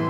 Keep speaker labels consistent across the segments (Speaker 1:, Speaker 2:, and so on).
Speaker 1: you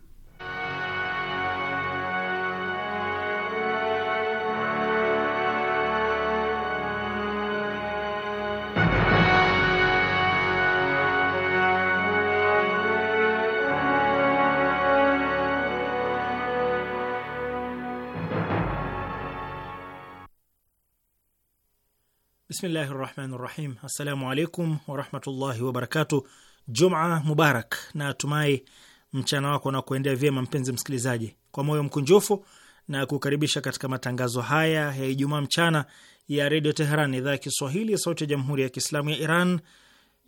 Speaker 2: Bismillahi rahmani rahim. Assalamu alaikum warahmatullahi wabarakatu. Juma mubarak, na tumai mchana wako na kuendea vyema, mpenzi msikilizaji, kwa moyo mkunjufu na kukaribisha katika matangazo haya ya Ijumaa mchana ya Redio Teheran, idhaa ya Kiswahili, sauti ya Jamhuri ya Kiislamu ya Iran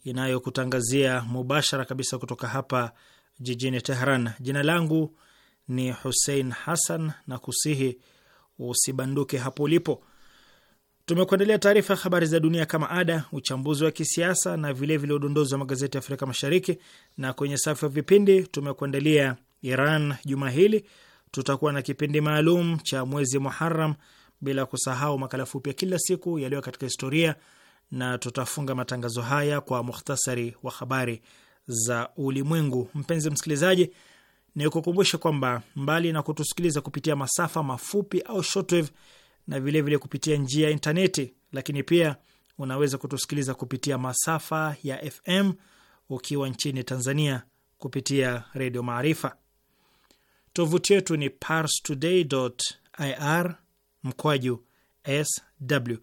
Speaker 2: inayokutangazia mubashara kabisa kutoka hapa jijini Teheran. Jina langu ni Husein Hasan na kusihi usibanduke hapo ulipo Tumekuandalia taarifa ya habari za dunia kama ada, uchambuzi wa kisiasa na vilevile udondozi wa magazeti ya Afrika Mashariki, na kwenye safu ya vipindi tumekuandalia Iran juma hili, tutakuwa na kipindi maalum cha mwezi muharam bila kusahau makala fupi ya kila siku yaliyo katika historia, na tutafunga matangazo haya kwa muhtasari wa habari za ulimwengu. Mpenzi msikilizaji, ni kukumbusha kwamba mbali na kutusikiliza kupitia masafa mafupi au shortwave na vilevile vile kupitia njia ya intaneti, lakini pia unaweza kutusikiliza kupitia masafa ya FM ukiwa nchini Tanzania kupitia Redio Maarifa. Tovuti yetu ni parstoday.ir mkwaju sw.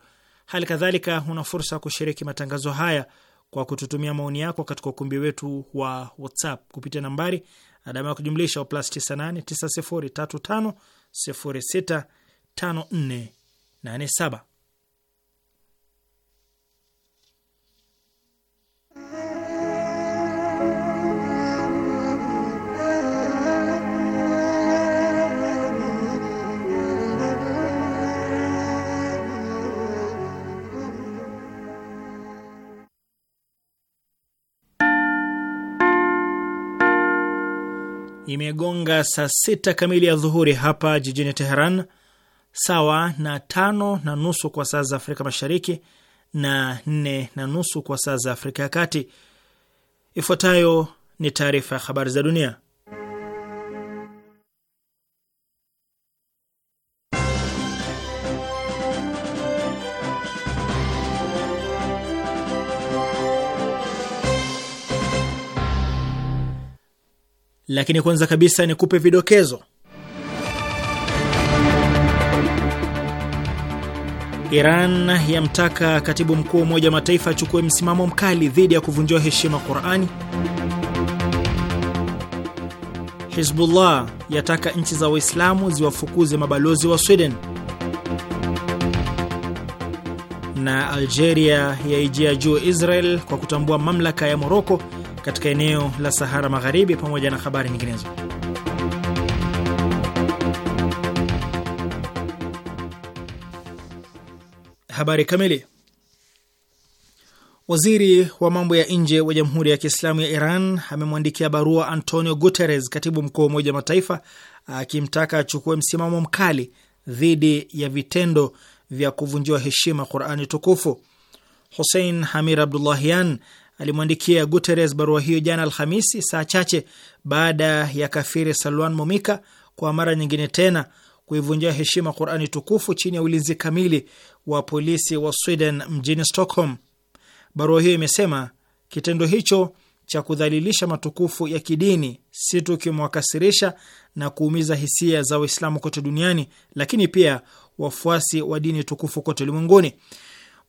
Speaker 2: Hali kadhalika una fursa ya kushiriki matangazo haya kwa kututumia maoni yako katika ukumbi wetu wa WhatsApp kupitia nambari adama ya kujumlisha plus 98 903506 5487. Imegonga saa sita kamili ya dhuhuri hapa jijini Teheran sawa na tano na nusu kwa saa za Afrika Mashariki na nne na nusu kwa saa za Afrika ya Kati. Ifuatayo ni taarifa ya habari za dunia, lakini kwanza kabisa ni kupe vidokezo Iran yamtaka katibu mkuu wa Umoja wa Mataifa achukue msimamo mkali dhidi ya kuvunjiwa heshima Qurani. Hizbullah yataka nchi za Waislamu ziwafukuze mabalozi wa Sweden, na Algeria yaijia juu Israel kwa kutambua mamlaka ya Moroko katika eneo la Sahara Magharibi, pamoja na habari nyinginezo. Habari kamili. Waziri wa mambo ya nje wa Jamhuri ya Kiislamu ya Iran amemwandikia barua Antonio Guterres, katibu mkuu wa Umoja Mataifa, akimtaka achukue msimamo mkali dhidi ya vitendo vya kuvunjiwa heshima Qurani tukufu. Hussein Hamir Abdullahian alimwandikia Guterres barua hiyo jana Alhamisi, saa chache baada ya kafiri Salwan Momika kwa mara nyingine tena kuivunjia heshima Qurani tukufu chini ya ulinzi kamili wa polisi wa Sweden mjini Stockholm. Barua hiyo imesema kitendo hicho cha kudhalilisha matukufu ya kidini si tu kimewakasirisha na kuumiza hisia za Waislamu kote duniani, lakini pia wafuasi wa dini tukufu kote ulimwenguni.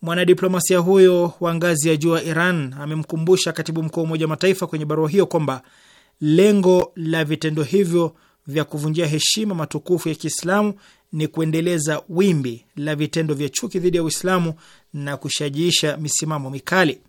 Speaker 2: Mwanadiplomasia huyo wa ngazi ya juu wa Iran amemkumbusha katibu mkuu wa Umoja wa Mataifa kwenye barua hiyo kwamba lengo la vitendo hivyo vya kuvunjia heshima matukufu ya Kiislamu ni kuendeleza wimbi la vitendo vya chuki dhidi ya Uislamu na kushajiisha misimamo mikali.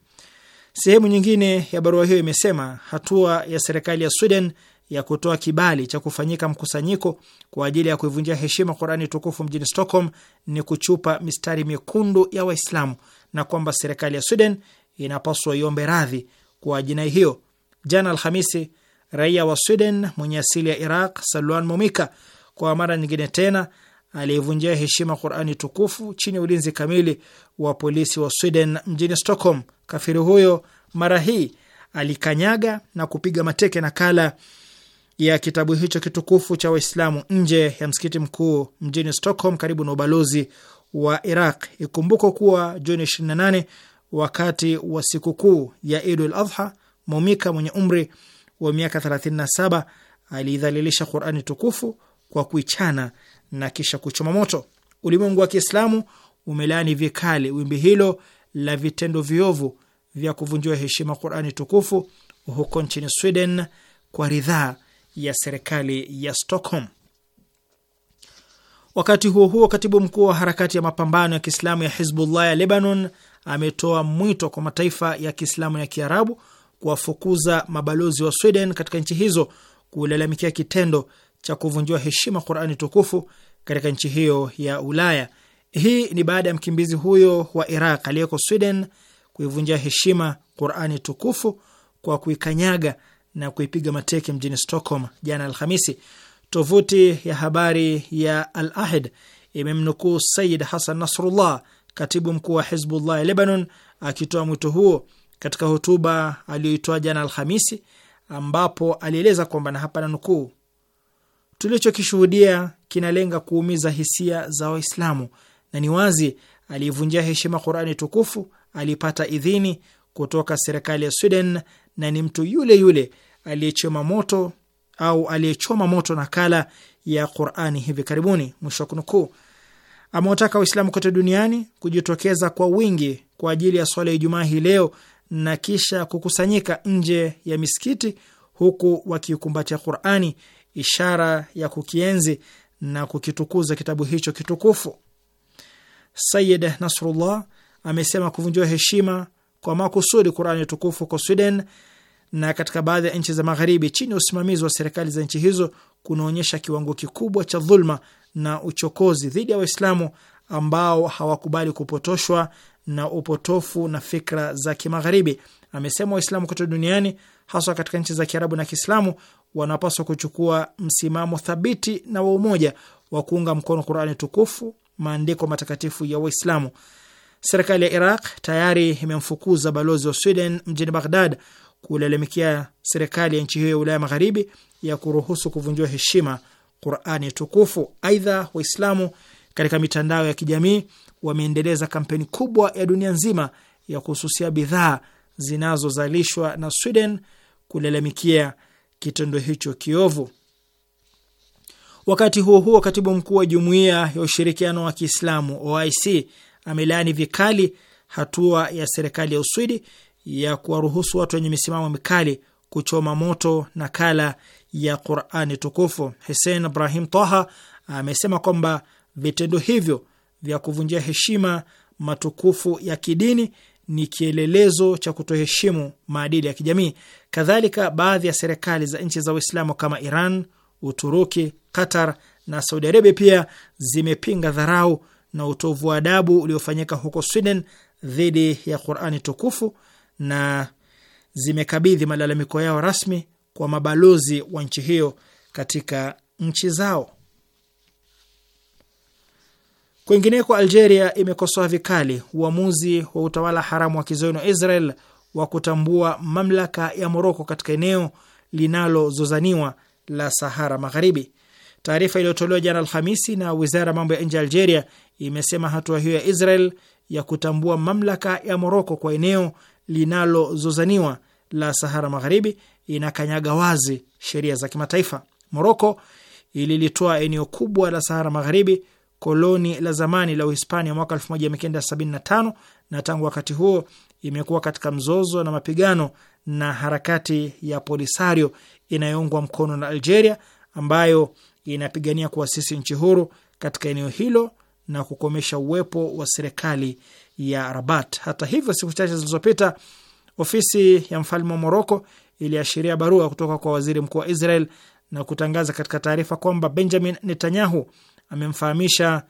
Speaker 2: Sehemu nyingine ya barua hiyo imesema hatua ya serikali ya Sweden ya kutoa kibali cha kufanyika mkusanyiko kwa ajili ya kuivunjia heshima Qurani tukufu mjini Stockholm ni kuchupa mistari mekundu ya Waislamu na kwamba serikali ya Sweden inapaswa iombe radhi kwa jinai hiyo. Jana Alhamisi, raia wa Sweden mwenye asili ya Iraq Salwan Momika kwa mara nyingine tena aliyevunjia heshima Qurani tukufu chini ya ulinzi kamili wa polisi wa Sweden mjini Stockholm. Kafiri huyo mara hii alikanyaga na kupiga mateke nakala ya kitabu hicho kitukufu cha Waislamu nje ya msikiti mkuu mjini Stockholm, karibu na ubalozi wa Iraq. Ikumbuko kuwa Juni 28 wakati wa sikukuu ya Idu l Adha, Momika mwenye umri wa miaka 37 aliidhalilisha Qurani tukufu kwa kuichana na kisha kuchoma moto. Ulimwengu wa Kiislamu umelaani vikali wimbi hilo la vitendo viovu vya kuvunjiwa heshima Qurani tukufu huko nchini Sweden kwa ridhaa ya serikali ya Stockholm. Wakati huo huo, katibu mkuu wa harakati ya mapambano ya Kiislamu ya Hizbullah ya Lebanon ametoa mwito kwa mataifa ya Kiislamu ya Kiarabu kuwafukuza mabalozi wa Sweden katika nchi hizo kulalamikia kitendo cha kuvunjiwa heshima Qurani tukufu katika nchi hiyo ya Ulaya. Hii ni baada ya mkimbizi huyo wa Iraq aliyeko Sweden kuivunjia heshima Qurani tukufu kwa kuikanyaga na kuipiga mateke mjini Stockholm jana Alhamisi. Tovuti ya habari ya Al Ahd imemnukuu Sayid Hasan Nasrullah, katibu mkuu wa Hizbullah ya Lebanon, akitoa mwito huo katika hotuba aliyoitoa jana Alhamisi, ambapo alieleza kwamba na hapa nanukuu, Tulichokishuhudia kinalenga kuumiza hisia za Waislamu, na ni wazi aliyevunjia heshima Qurani tukufu alipata idhini kutoka serikali ya Sweden na ni mtu yule yule aliyechoma moto au aliyechoma moto nakala ya Qurani hivi karibuni. Mwisho wa kunukuu. Amewataka Waislamu kote duniani kujitokeza kwa wingi kwa ajili ya swala ya Ijumaa hii leo na kisha kukusanyika nje ya misikiti huku wakiikumbatia Qurani ishara ya kukienzi na kukitukuza kitabu hicho kitukufu. Sayid Nasrullah amesema kuvunjiwa heshima kwa makusudi Qurani tukufu kwa Sweden na katika baadhi ya nchi za Magharibi chini ya usimamizi wa serikali za nchi hizo kunaonyesha kiwango kikubwa cha dhulma na uchokozi dhidi ya Waislamu ambao hawakubali kupotoshwa na upotofu na fikra za Kimagharibi. Amesema Waislamu kote duniani, haswa katika nchi za Kiarabu na Kiislamu, wanapaswa kuchukua msimamo thabiti na wa umoja wa kuunga mkono Qurani tukufu, maandiko matakatifu ya Waislamu. Serikali ya Iraq tayari imemfukuza balozi wa Sweden mjini Baghdad kulalamikia serikali ya nchi hiyo ya Ulaya Magharibi ya kuruhusu kuvunjiwa heshima Qurani tukufu. Aidha, Waislamu katika mitandao ya kijamii wameendeleza kampeni kubwa ya dunia nzima ya kuhususia bidhaa zinazozalishwa na Sweden kulalamikia kitendo hicho kiovu. Wakati huo huo, katibu mkuu wa jumuiya ya ushirikiano wa Kiislamu OIC amelaani vikali hatua ya serikali ya Uswidi ya kuwaruhusu watu wenye misimamo mikali kuchoma moto nakala ya Qurani tukufu. Hussein Ibrahim toha amesema kwamba vitendo hivyo vya kuvunjia heshima matukufu ya kidini ni kielelezo cha kutoheshimu maadili ya kijamii. Kadhalika, baadhi ya serikali za nchi za Uislamu kama Iran, Uturuki, Qatar na Saudi Arabia pia zimepinga dharau na utovu wa adabu uliofanyika huko Sweden dhidi ya Qurani tukufu na zimekabidhi malalamiko yao rasmi kwa mabalozi wa nchi hiyo katika nchi zao. Kwingineko, Algeria imekosoa vikali uamuzi wa utawala haramu wa kizayuni wa Israel wa kutambua mamlaka ya Moroko katika eneo linalozozaniwa la Sahara Magharibi. Taarifa iliyotolewa jana Alhamisi na wizara ya mambo ya nje ya Algeria imesema hatua hiyo ya Israel ya kutambua mamlaka ya Moroko kwa eneo linalozozaniwa la Sahara Magharibi inakanyaga wazi sheria za kimataifa. Moroko ililitoa eneo kubwa la Sahara Magharibi koloni la zamani la Uhispania mwaka 1975 na tangu wakati huo imekuwa katika mzozo na mapigano na harakati ya Polisario inayoungwa mkono na Algeria ambayo inapigania kuasisi nchi huru katika eneo hilo na kukomesha uwepo wa serikali ya Rabat. Hata hivyo, siku chache zilizopita ofisi ya mfalme wa Moroko iliashiria barua kutoka kwa waziri mkuu wa Israel na kutangaza katika taarifa kwamba Benjamin Netanyahu amemfahamisha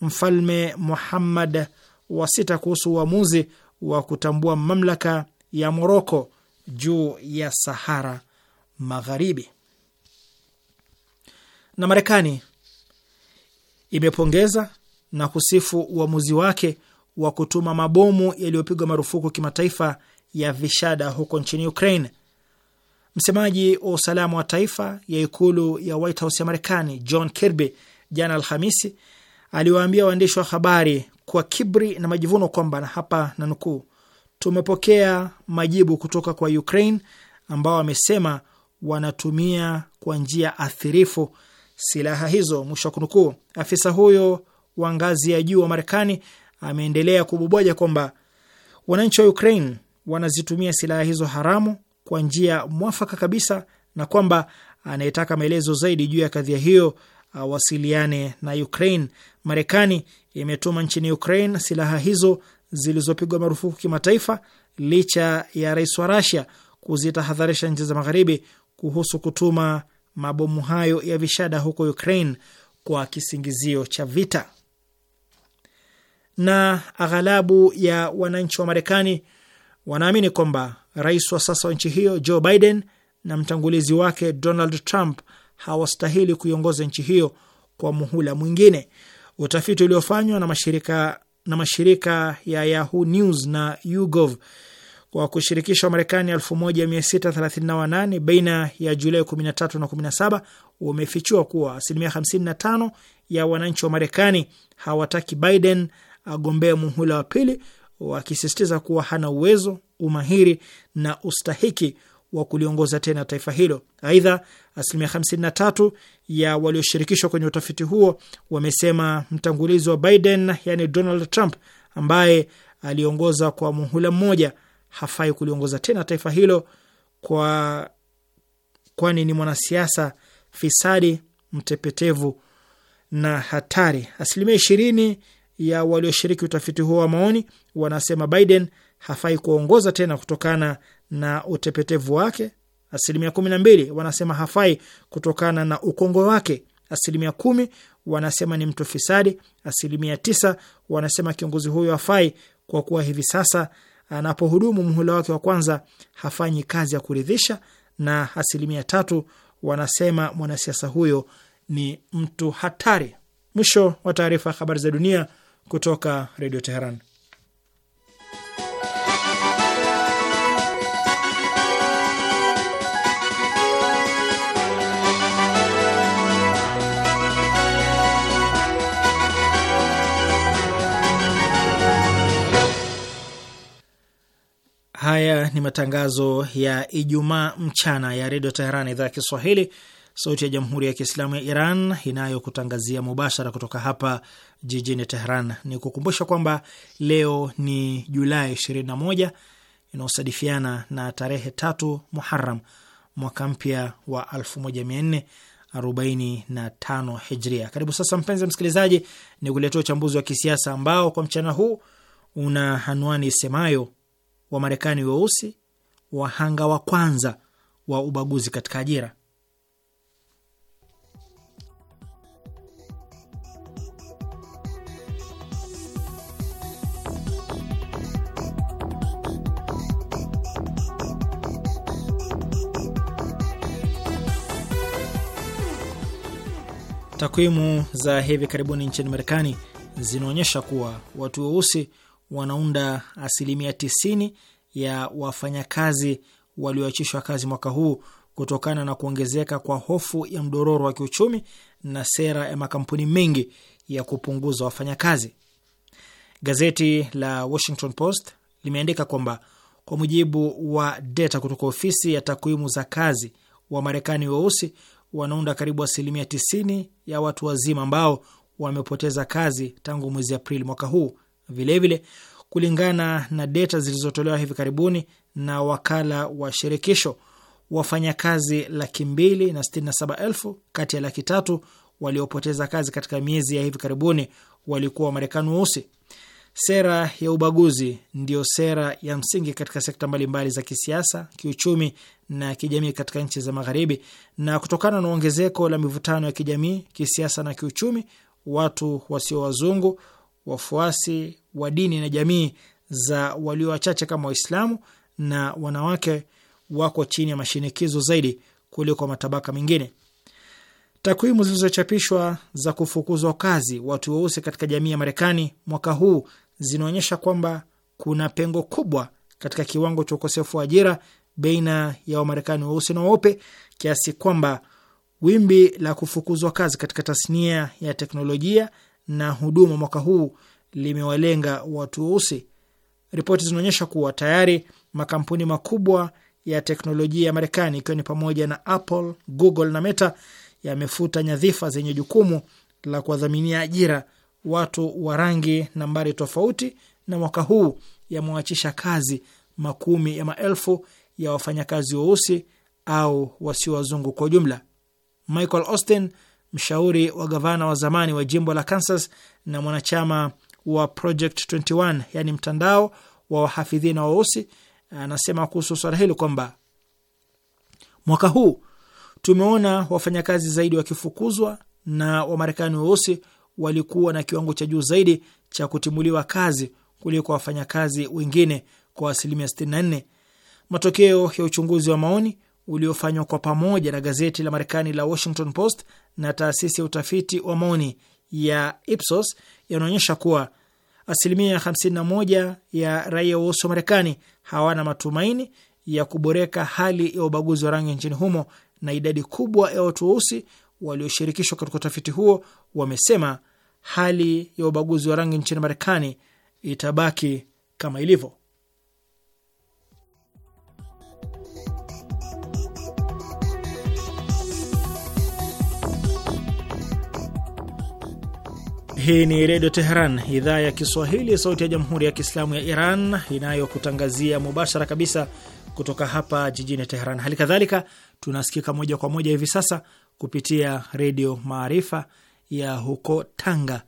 Speaker 2: Mfalme Muhammad wa sita kuhusu uamuzi wa kutambua mamlaka ya Moroko juu ya Sahara Magharibi. Na Marekani imepongeza na kusifu uamuzi wake wa kutuma mabomu yaliyopigwa marufuku kimataifa ya vishada huko nchini Ukraine. Msemaji wa usalama wa taifa ya ikulu ya White House ya Marekani John Kirby jana Alhamisi aliwaambia waandishi wa habari kwa kibri na majivuno kwamba, na hapa na nukuu, tumepokea majibu kutoka kwa Ukraine ambao wamesema wanatumia kwa njia athirifu silaha hizo, mwisho wa kunukuu. Afisa huyo wa ngazi ya juu wa Marekani ameendelea kuboboja kwamba wananchi wa Ukraine wanazitumia silaha hizo haramu kwa njia mwafaka kabisa, na kwamba anayetaka maelezo zaidi juu ya kadhia hiyo awasiliane uh, na Ukraine. Marekani imetuma nchini Ukraine silaha hizo zilizopigwa marufuku kimataifa licha ya rais wa Rasia kuzitahadharisha nchi za magharibi kuhusu kutuma mabomu hayo ya vishada huko Ukraine kwa kisingizio cha vita. Na aghalabu ya wananchi wa Marekani wanaamini kwamba rais wa sasa wa nchi hiyo Joe Biden na mtangulizi wake Donald Trump hawastahili kuiongoza nchi hiyo kwa muhula mwingine. Utafiti uliofanywa na mashirika, na mashirika ya Yahoo News na YouGov kwa kushirikisha Wamarekani 1638 baina ya Julai 13 na 17 wamefichua kuwa asilimia 55 ya wananchi wa Marekani hawataki Biden agombea muhula wa pili, wakisisitiza kuwa hana uwezo, umahiri na ustahiki wa kuliongoza tena taifa hilo. Aidha, asilimia 53 ya walioshirikishwa kwenye utafiti huo wamesema mtangulizi wa Biden, yani Donald Trump, ambaye aliongoza kwa muhula mmoja, hafai kuliongoza tena taifa hilo kwa kwani ni mwanasiasa fisadi, mtepetevu na hatari. Asilimia ishirini ya walioshiriki utafiti huo wa maoni wanasema Biden hafai kuongoza tena kutokana na utepetevu wake. Asilimia kumi na mbili wanasema hafai kutokana na ukongwe wake. Asilimia kumi wanasema ni mtu fisadi. Asilimia tisa wanasema kiongozi huyo hafai kwa kuwa hivi sasa anapohudumu muhula wake wa kwanza hafanyi kazi ya kuridhisha, na asilimia tatu wanasema mwanasiasa huyo ni mtu hatari. Mwisho wa taarifa ya habari za dunia kutoka Redio Teheran. Haya ni matangazo ya Ijumaa mchana ya Redio Teheran, idhaa ya Kiswahili, sauti ya Jamhuri ya Kiislamu ya Iran inayokutangazia mubashara kutoka hapa jijini Teheran. Ni kukumbusha kwamba leo ni Julai 21 inayosadifiana na tarehe tatu Muharam mwaka mpya wa 1445 Hijria. Karibu sasa, mpenzi msikilizaji, ni kuletea uchambuzi wa kisiasa ambao kwa mchana huu una anwani isemayo Wamarekani weusi wahanga wa kwanza wa ubaguzi katika ajira. Takwimu za hivi karibuni nchini Marekani zinaonyesha kuwa watu weusi wanaunda asilimia tisini ya wafanyakazi walioachishwa kazi mwaka huu kutokana na kuongezeka kwa hofu ya mdororo wa kiuchumi na sera ya makampuni mengi ya kupunguza wafanyakazi. Gazeti la Washington Post limeandika kwamba kwa mujibu wa data kutoka ofisi ya takwimu za kazi, Wamarekani weusi wanaunda karibu asilimia tisini ya watu wazima ambao wamepoteza kazi tangu mwezi Aprili mwaka huu. Vilevile vile, kulingana na data zilizotolewa hivi karibuni na wakala wa shirikisho, wafanyakazi laki mbili na sitini na saba elfu kati ya laki tatu waliopoteza kazi katika miezi ya hivi karibuni walikuwa Wamarekani weusi. Sera ya ubaguzi ndiyo sera ya msingi katika sekta mbalimbali za kisiasa, kiuchumi na kijamii katika nchi za Magharibi, na kutokana na ongezeko la mivutano ya kijamii, kisiasa na kiuchumi, watu wasio wazungu wafuasi wa dini na jamii za walio wachache kama Waislamu na wanawake wako chini ya mashinikizo zaidi kuliko matabaka mengine. Takwimu zilizochapishwa za kufukuzwa kazi watu weusi katika jamii ya Marekani mwaka huu zinaonyesha kwamba kuna pengo kubwa katika kiwango cha ukosefu wa ajira baina ya Wamarekani weusi na weupe kiasi kwamba wimbi la kufukuzwa kazi katika tasnia ya teknolojia na huduma mwaka huu limewalenga watu weusi. Ripoti zinaonyesha kuwa tayari makampuni makubwa ya teknolojia ya Marekani ikiwa ni pamoja na Apple, Google na Meta yamefuta nyadhifa zenye jukumu la kuwadhaminia ajira watu wa rangi nambari tofauti, na mwaka huu yamewachisha kazi makumi ya maelfu ya wafanyakazi weusi au wasio wazungu kwa ujumla. Michael Austin mshauri wa gavana wa zamani wa jimbo la Kansas na mwanachama wa Project 21, yani mtandao wa wahafidhina weusi, anasema kuhusu swala hilo kwamba mwaka huu tumeona wafanyakazi zaidi wakifukuzwa na Wamarekani weusi walikuwa na kiwango cha juu zaidi cha kutimuliwa kazi kuliko wafanyakazi wengine kwa asilimia 64. Matokeo ya uchunguzi wa maoni uliofanywa kwa pamoja na gazeti la Marekani la Washington Post na taasisi ya utafiti wa maoni ya Ipsos yanaonyesha kuwa asilimia 51 ya raia wausi wa Marekani hawana matumaini ya kuboreka hali ya ubaguzi wa rangi nchini humo, na idadi kubwa ya watu weusi walioshirikishwa katika utafiti huo wamesema hali ya ubaguzi wa rangi nchini Marekani itabaki kama ilivyo. Hii ni Redio Teheran, idhaa ya Kiswahili, sauti ya Jamhuri ya Kiislamu ya Iran, inayokutangazia mubashara kabisa kutoka hapa jijini Teheran. Hali kadhalika tunasikika moja kwa moja hivi sasa kupitia Redio Maarifa ya huko Tanga,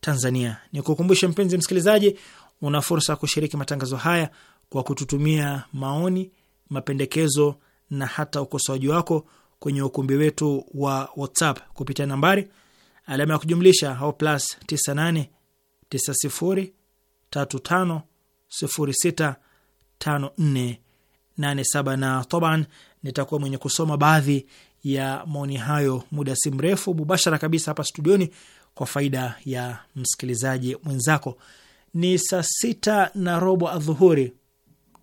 Speaker 2: Tanzania. Ni kukumbushe mpenzi msikilizaji, una fursa ya kushiriki matangazo haya kwa kututumia maoni, mapendekezo na hata ukosoaji wako kwenye ukumbi wetu wa WhatsApp kupitia nambari alama ya kujumlisha au plus 98 90 35 06 Na taban nitakuwa mwenye kusoma baadhi ya maoni hayo muda si mrefu mubashara kabisa hapa studioni kwa faida ya msikilizaji mwenzako. Ni saa sita na robo adhuhuri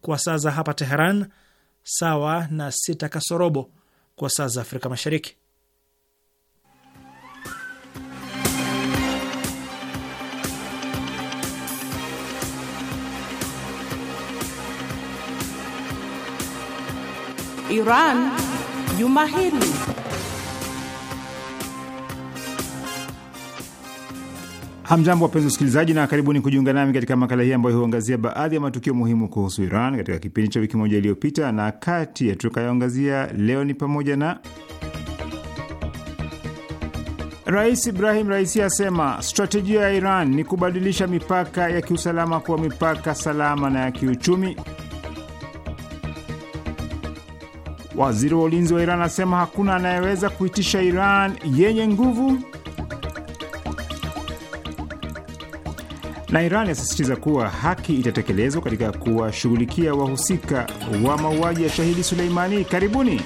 Speaker 2: kwa saa za hapa Teheran, sawa na sita kasorobo kwa saa za Afrika Mashariki.
Speaker 3: Iran juma hili.
Speaker 4: Hamjambo, wapenzi wasikilizaji, na karibuni kujiunga nami katika makala hii ambayo huangazia baadhi ya matukio muhimu kuhusu Iran katika kipindi cha wiki moja iliyopita, na kati ya tutakayoangazia leo ni pamoja na Rais Ibrahim Raisi asema strategia ya Iran ni kubadilisha mipaka ya kiusalama kuwa mipaka salama na ya kiuchumi. Waziri wa ulinzi wa Iran anasema hakuna anayeweza kuitisha Iran yenye nguvu, na Iran yasisitiza kuwa haki itatekelezwa katika kuwashughulikia wahusika wa mauaji ya shahidi Suleimani. Karibuni.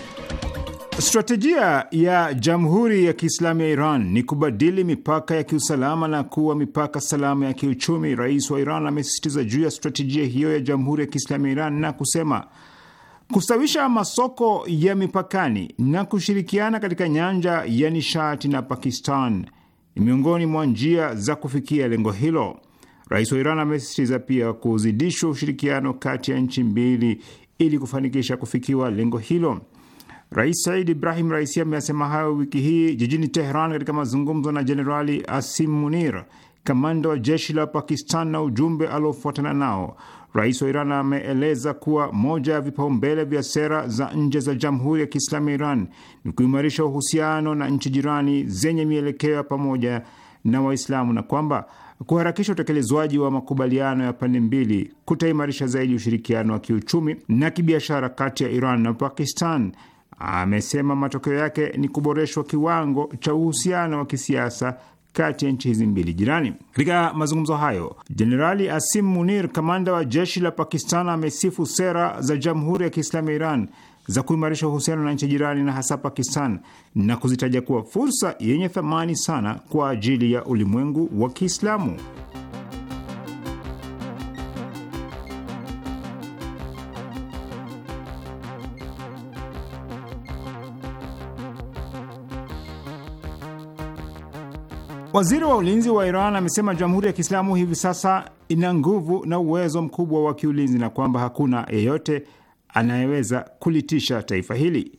Speaker 4: Stratejia ya Jamhuri ya Kiislamu ya Iran ni kubadili mipaka ya kiusalama na kuwa mipaka salama ya kiuchumi. Rais wa Iran amesisitiza juu ya stratejia hiyo ya Jamhuri ya Kiislamu ya Iran na kusema kustawisha masoko ya mipakani na kushirikiana katika nyanja ya nishati na Pakistan ni miongoni mwa njia za kufikia lengo hilo. Rais wa Iran amesisitiza pia kuzidishwa ushirikiano kati ya nchi mbili ili kufanikisha kufikiwa lengo hilo. Rais Said Ibrahim Raisi ameyasema hayo wiki hii jijini teheran katika mazungumzo na Jenerali Asim Munir, kamanda wa jeshi la Pakistan na ujumbe aliofuatana nao. Rais wa Iran ameeleza kuwa moja ya vipaumbele vya sera za nje za Jamhuri ya Kiislamu ya Iran ni kuimarisha uhusiano na nchi jirani zenye mielekeo ya pamoja na Waislamu na kwamba kuharakisha utekelezwaji wa makubaliano ya pande mbili kutaimarisha zaidi ushirikiano wa kiuchumi na kibiashara kati ya Iran na Pakistan. Amesema matokeo yake ni kuboreshwa kiwango cha uhusiano wa kisiasa kati ya nchi hizi mbili jirani. Katika mazungumzo hayo, Jenerali Asim Munir, kamanda wa jeshi la Pakistan, amesifu sera za Jamhuri ya Kiislamu ya Iran za kuimarisha uhusiano na nchi jirani na hasa Pakistan na kuzitaja kuwa fursa yenye thamani sana kwa ajili ya ulimwengu wa Kiislamu. Waziri wa ulinzi wa Iran amesema Jamhuri ya Kiislamu hivi sasa ina nguvu na uwezo mkubwa wa kiulinzi na kwamba hakuna yeyote anayeweza kulitisha taifa hili.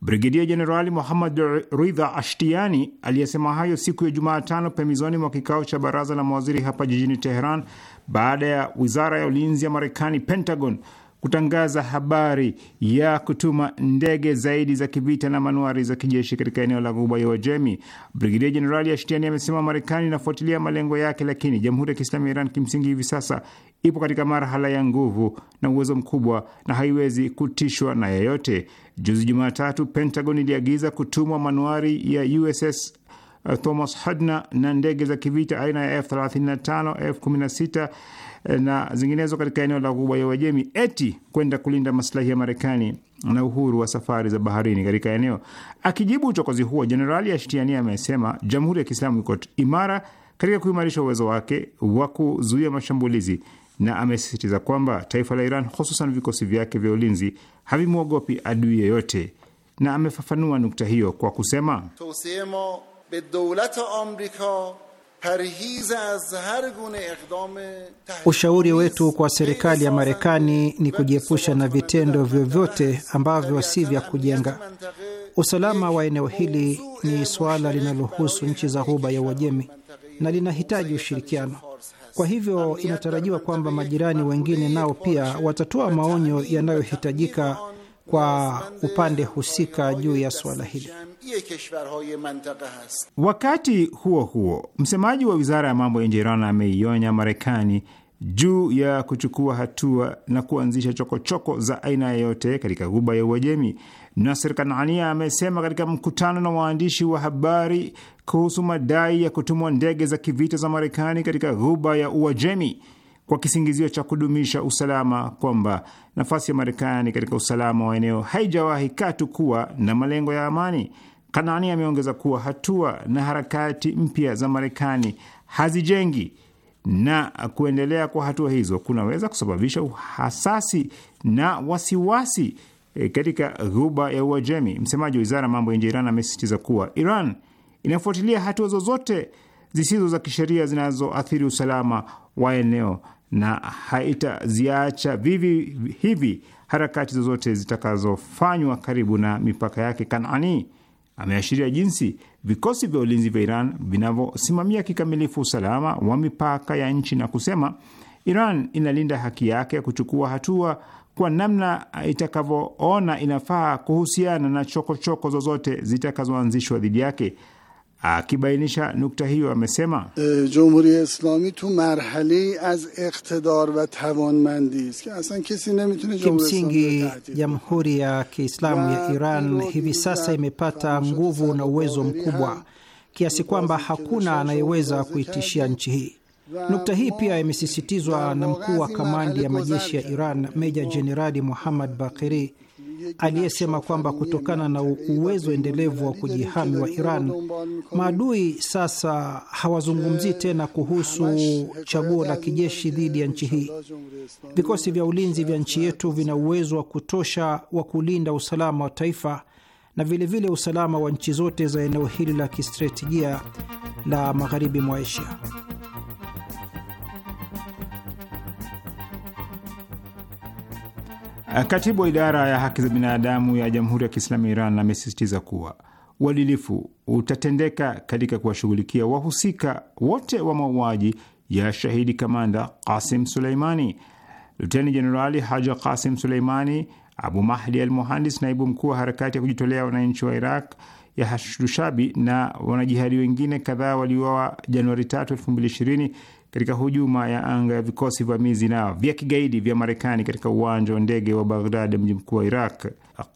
Speaker 4: Brigedia Jenerali Muhammad Ridha Ashtiani aliyesema hayo siku ya Jumatano pembezoni mwa kikao cha baraza la mawaziri hapa jijini Teheran baada ya wizara ya ulinzi ya Marekani, Pentagon, kutangaza habari ya kutuma ndege zaidi za kivita na manuari za kijeshi katika eneo la Ghuba ya Uajemi. Brigedia Jenerali Ashtiani amesema Marekani inafuatilia malengo yake, lakini Jamhuri ya Kiislamu ya Iran kimsingi hivi sasa ipo katika marhala ya nguvu na uwezo mkubwa na haiwezi kutishwa na yeyote. Juzi Jumatatu, Pentagon iliagiza kutumwa manuari ya USS uh, Thomas Hudna na ndege za kivita aina ya F35, F16 Eh, na zinginezo katika eneo la Ghuba ya Uajemi eti kwenda kulinda maslahi ya Marekani na uhuru wa safari za baharini katika eneo. Akijibu uchokozi huo, Jenerali Ashtiani amesema Jamhuri ya Kiislamu iko imara katika kuimarisha uwezo wake wa kuzuia mashambulizi na amesisitiza kwamba taifa la Iran hususan vikosi vyake vya ulinzi havimwogopi adui yeyote, na amefafanua nukta hiyo kwa kusema
Speaker 1: be doulat amrika
Speaker 4: Ushauri wetu kwa
Speaker 3: serikali ya Marekani ni kujiepusha na vitendo vyovyote ambavyo si vya kujenga. Usalama wa eneo hili ni suala linalohusu nchi za Ghuba ya Uajemi na linahitaji ushirikiano. Kwa hivyo inatarajiwa kwamba majirani wengine nao pia watatoa maonyo yanayohitajika kwa upande
Speaker 4: husika juu ya suala hili. Wakati huo huo, msemaji wa wizara ya mambo ya nje Iran ameionya Marekani juu ya kuchukua hatua na kuanzisha chokochoko choko za aina yoyote katika Ghuba ya Uajemi. Nasir kanania amesema katika mkutano na waandishi wa habari kuhusu madai ya kutumwa ndege za kivita za Marekani katika Ghuba ya Uajemi kwa kisingizio cha kudumisha usalama kwamba nafasi ya Marekani katika usalama wa eneo haijawahi katu kuwa na malengo ya amani. Kanani ameongeza kuwa hatua na harakati mpya za Marekani hazijengi na kuendelea kwa hatua hizo kunaweza kusababisha uhasasi na wasiwasi e, katika ghuba ya Uajemi. Msemaji wa wizara ya mambo ya nje ya Iran amesisitiza kuwa Iran inafuatilia hatua zozote zisizo za kisheria zinazoathiri usalama wa eneo na haitaziacha vivi hivi harakati zozote zitakazofanywa karibu na mipaka yake. Kanani Ameashiria jinsi vikosi vya ulinzi vya Iran vinavyosimamia kikamilifu usalama wa mipaka ya nchi na kusema Iran inalinda haki yake kuchukua hatua kwa namna itakavyoona inafaa kuhusiana na chokochoko -choko zozote zitakazoanzishwa dhidi yake Akibainisha nukta hiyo amesema
Speaker 1: eh, jumhuri ya Islami tu marhali az iktidar wa tawanmandi is ke asan kisi nemitune. Kimsingi,
Speaker 3: Jamhuri ya Kiislamu ya Iran hivi sasa imepata nguvu na uwezo mkubwa kiasi kwamba hakuna anayeweza kuitishia nchi hii. Nukta hii pia imesisitizwa na mkuu wa kamandi ya majeshi ya Iran, Meja Jenerali Muhammad Bakiri aliyesema kwamba kutokana na uwezo endelevu wa kujihami wa Iran, maadui sasa hawazungumzii tena kuhusu chaguo la kijeshi dhidi ya nchi hii. Vikosi vya ulinzi vya nchi yetu vina uwezo wa kutosha wa kulinda usalama wa taifa na vilevile vile usalama wa nchi zote za eneo hili la kistratejia la
Speaker 4: magharibi mwa Asia. Eh, katibu wa idara ya haki za binadamu ya Jamhuri ya Kiislamu ya Iran amesisitiza kuwa uadilifu utatendeka katika kuwashughulikia wahusika wote wa mauaji ya shahidi kamanda Qasim Suleimani. Luteni Jenerali Haja Qasim Suleimani, Abu Mahdi al Muhandis, naibu mkuu wa harakati ya kujitolea wananchi wa Iraq ya Hashdushabi na wanajihadi wengine kadhaa waliuawa Januari 3, 2020 katika hujuma ya anga ya vikosi vamizi na vya kigaidi vya Marekani katika uwanja wa ndege wa Baghdad, mji mkuu wa Iraq.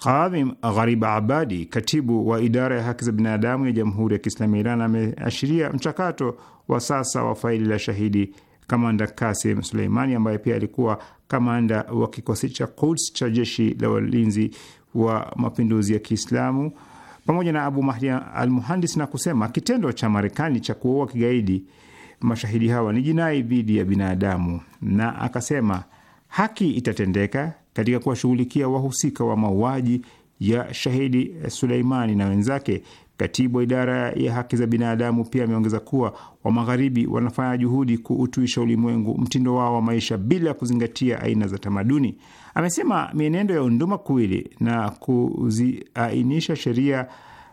Speaker 4: Kadhim Gharib Abadi, katibu wa idara ya haki za binadamu ya Jamhuri ya Kiislamu ya Iran, ameashiria mchakato wa sasa wa faili la shahidi kamanda Kasim Suleimani ambaye pia alikuwa kamanda wa kikosi cha Quds cha jeshi la walinzi wa mapinduzi ya Kiislamu pamoja na Abu Mahdi al-Muhandis na kusema kitendo cha Marekani cha kuua kigaidi mashahidi hawa ni jinai dhidi ya binadamu, na akasema haki itatendeka katika kuwashughulikia wahusika wa mauaji ya shahidi Suleimani na wenzake. Katibu wa idara ya haki za binadamu pia ameongeza kuwa wa Magharibi wanafanya juhudi kuutuisha ulimwengu mtindo wao wa maisha bila kuzingatia aina za tamaduni. Amesema mienendo ya unduma kuwili na kuziainisha sheria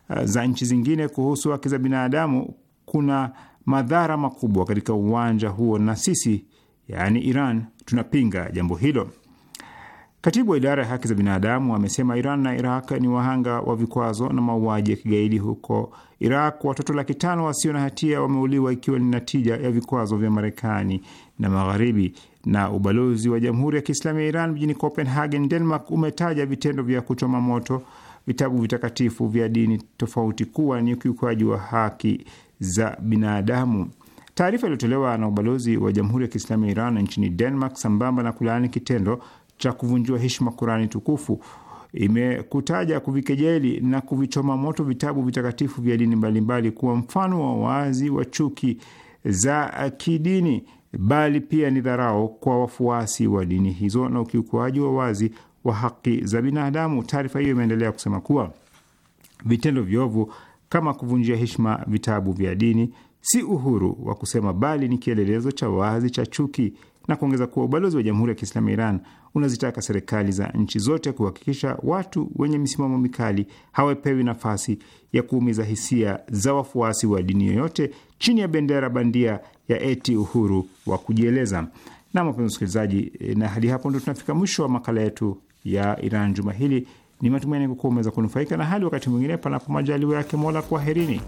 Speaker 4: uh, za nchi zingine kuhusu haki za binadamu kuna madhara makubwa katika uwanja huo, na sisi yaani Iran tunapinga jambo hilo. Katibu wa idara ya haki za binadamu amesema Iran na Iraq ni wahanga wa vikwazo na mauaji ya kigaidi. Huko Iraq watoto laki tano wasio na hatia wameuliwa ikiwa ni natija ya vikwazo vya Marekani na Magharibi. Na ubalozi wa Jamhuri ya Kiislamu ya Iran mjini Copenhagen, Denmark, umetaja vitendo vya kuchoma moto vitabu vitakatifu vya dini tofauti kuwa ni ukiukaji wa haki za binadamu. Taarifa iliyotolewa na ubalozi wa Jamhuri ya Kiislamu ya Iran nchini Denmark, sambamba na kulaani kitendo cha kuvunjiwa heshima Kurani tukufu, imekutaja kuvikejeli na kuvichoma moto vitabu vitakatifu vya dini mbalimbali kuwa mfano wa wazi wa chuki za kidini, bali pia ni dharau kwa wafuasi wa dini hizo na ukiukuaji wa wazi wa haki za binadamu. Taarifa hiyo imeendelea kusema kuwa vitendo vyovu kama kuvunjia heshima vitabu vya dini si uhuru wa kusema, bali ni kielelezo cha wazi cha chuki, na kuongeza kuwa ubalozi wa Jamhuri ya Kiislamu ya Iran unazitaka serikali za nchi zote kuhakikisha watu wenye misimamo mikali hawapewi nafasi ya kuumiza hisia za wafuasi wa dini yoyote chini ya bendera bandia ya eti uhuru wa kujieleza. Na wapenzi msikilizaji, eh, na hadi hapo ndo tunafika mwisho wa makala yetu ya Iran juma hili. Ni matumaini yangu kuwa umeweza kunufaika na hali wakati mwingine, panapo majaliwa yake Mola. Kwaherini.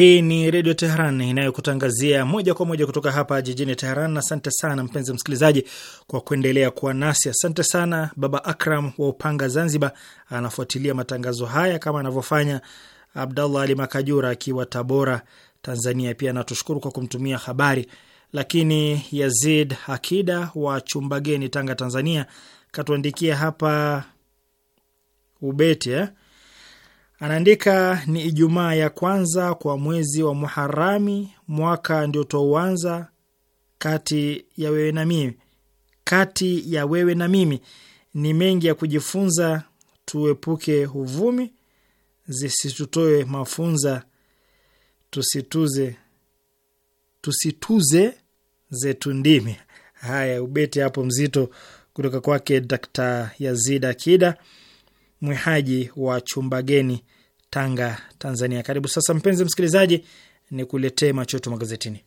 Speaker 2: Hii ni Redio Teheran inayokutangazia moja kwa moja kutoka hapa jijini Teheran. Asante sana mpenzi msikilizaji kwa kuendelea kuwa nasi. Asante sana Baba Akram wa Upanga, Zanzibar, anafuatilia matangazo haya kama anavyofanya Abdallah Ali Makajura akiwa Tabora, Tanzania. Pia anatushukuru kwa kumtumia habari. Lakini Yazid Akida wa Chumbageni, Tanga, Tanzania, katuandikia hapa ubeti eh? Anaandika, ni Ijumaa ya kwanza kwa mwezi wa Muharami, mwaka ndio touanza kati ya wewe na mimi, kati ya wewe na mimi ni mengi ya kujifunza, tuepuke huvumi zisitutoe mafunza, tusituze tusituze zetu ndimi. Haya, ubeti hapo mzito kutoka kwake Dkt. Yazid Akida. Mwihaji wa Chumbageni, Tanga, Tanzania. Karibu sasa, mpenzi msikilizaji, ni kuletee machoto magazetini.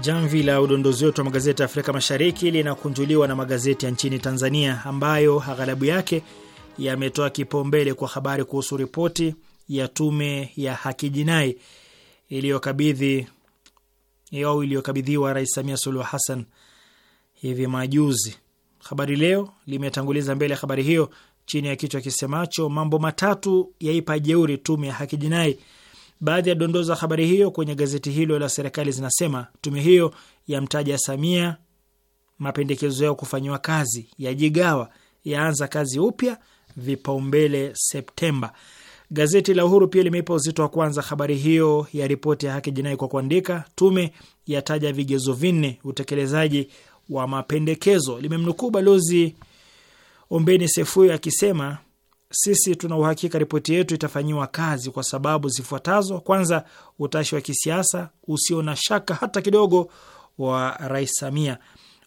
Speaker 2: Jamvi la udondozi wetu wa magazeti ya Afrika Mashariki linakunjuliwa na magazeti ya nchini Tanzania ambayo aghalabu yake yametoa kipaumbele kwa habari kuhusu ripoti ya tume ya haki jinai iliyokabidhi au iliyokabidhiwa Rais Samia Suluhu Hassan hivi majuzi. Habari Leo limetanguliza mbele ya habari hiyo chini ya kichwa kisemacho mambo matatu yaipa jeuri tume ya haki jinai. Baadhi ya dondoo za habari hiyo kwenye gazeti hilo la serikali zinasema tume hiyo yamtaja Samia, mapendekezo yao kufanyiwa kazi, yajigawa, yaanza kazi upya, vipaumbele Septemba. Gazeti la Uhuru pia limeipa uzito wa kwanza habari hiyo ya ripoti ya haki jinai kwa kuandika, tume yataja vigezo vinne utekelezaji wa mapendekezo. Limemnukuu Balozi Ombeni Sefuyo akisema sisi tuna uhakika ripoti yetu itafanyiwa kazi kwa sababu zifuatazo. Kwanza, utashi wa kisiasa usio na shaka hata kidogo wa Rais Samia.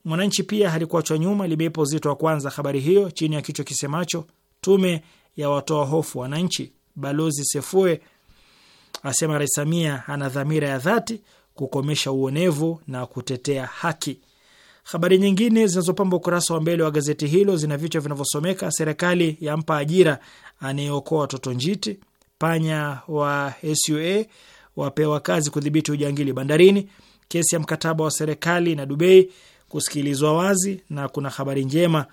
Speaker 2: Mwananchi pia halikuachwa nyuma, limeipa uzito wa kwanza habari hiyo chini ya kichwa kisemacho tume ya watoa hofu wananchi. Balozi Sefue asema Rais Samia ana dhamira ya dhati kukomesha uonevu na kutetea haki. Habari nyingine zinazopamba ukurasa wa mbele wa gazeti hilo zina vichwa vinavyosomeka: serikali yampa ajira anayeokoa watoto njiti, panya wa SUA wapewa kazi kudhibiti ujangili bandarini, kesi ya mkataba wa serikali na Dubai kusikilizwa wazi, na kuna habari njema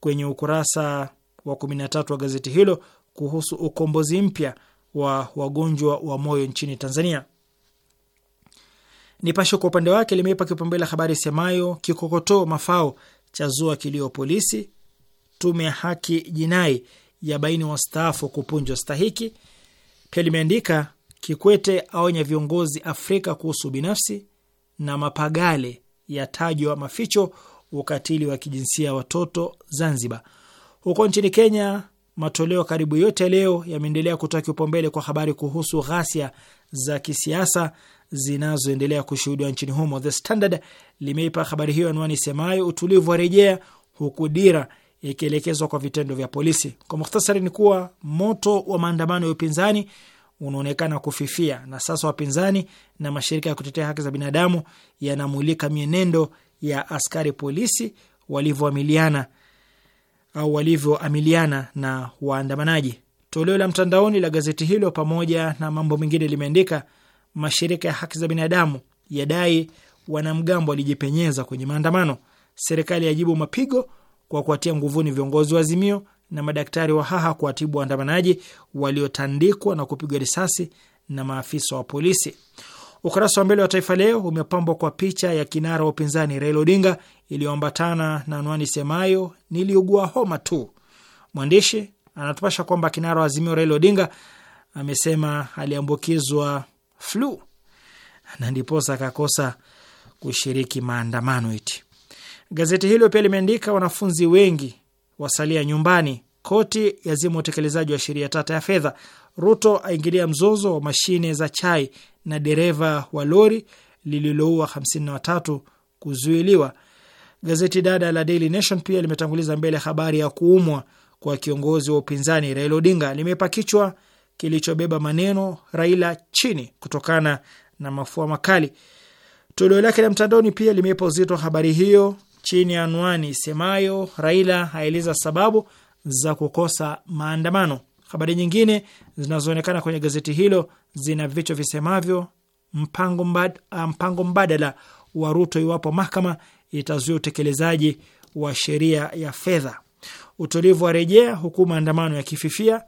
Speaker 2: kwenye ukurasa wa kumi na tatu wa gazeti hilo kuhusu ukombozi mpya wa wagonjwa wa moyo nchini Tanzania. Nipashe kwa upande wake limeipa kipaumbele habari semayo kikokotoo mafao cha zua kilio polisi, tume ya haki jinai ya baini wastaafu kupunjwa stahiki. Pia limeandika Kikwete aonya viongozi Afrika kuhusu binafsi, na mapagale yatajwa maficho ukatili wa kijinsia watoto Zanzibar. Huko nchini Kenya, matoleo karibu yote leo yameendelea kutoa kipaumbele kwa habari kuhusu ghasia za kisiasa zinazoendelea kushuhudiwa nchini humo. The Standard limeipa habari hiyo anwani semayo utulivu wa rejea, huku Dira ikielekezwa kwa vitendo vya polisi. Kwa mukhtasari, ni kuwa moto wa maandamano ya upinzani unaonekana kufifia na sasa wapinzani na mashirika ya kutetea haki za binadamu yanamulika mienendo ya askari polisi walivyoamiliana au walivyoamiliana na waandamanaji. Toleo la mtandaoni la gazeti hilo pamoja na mambo mengine limeandika mashirika ya haki za binadamu yadai wanamgambo walijipenyeza kwenye maandamano, serikali yajibu mapigo kwa kuwatia nguvuni viongozi wa Azimio, na madaktari wa haha kuwatibu waandamanaji waliotandikwa na kupigwa risasi na maafisa wa polisi. Ukurasa wa mbele wa Taifa Leo umepambwa kwa picha ya kinara wa upinzani Raila Odinga iliyoambatana na anwani semayo niliugua homa tu. Mwandishi anatupasha kwamba kinara wa Azimio Raila Odinga amesema aliambukizwa flu na ndiposa akakosa kushiriki maandamano. Iti gazeti hilo pia limeandika wanafunzi wengi wasalia nyumbani, koti yazima utekelezaji wa sheria tata ya fedha, Ruto aingilia mzozo wa mashine za chai, na dereva wa lori lililoua hamsini na watatu kuzuiliwa. Gazeti dada la Daily Nation pia limetanguliza mbele habari ya kuumwa kwa kiongozi wa upinzani Raila Odinga. Limepa kichwa kilichobeba maneno Raila chini, kutokana na mafua makali. Toleo lake la mtandaoni pia limeipa uzito habari hiyo chini ya anwani isemayo Raila aeleza sababu za kukosa maandamano. Habari nyingine zinazoonekana kwenye gazeti hilo zina vichwa visemavyo mpango, mbad, mpango mbadala wa Ruto iwapo mahakama itazuia utekelezaji wa sheria ya fedha. Utulivu wa rejea huku maandamano ya kififia.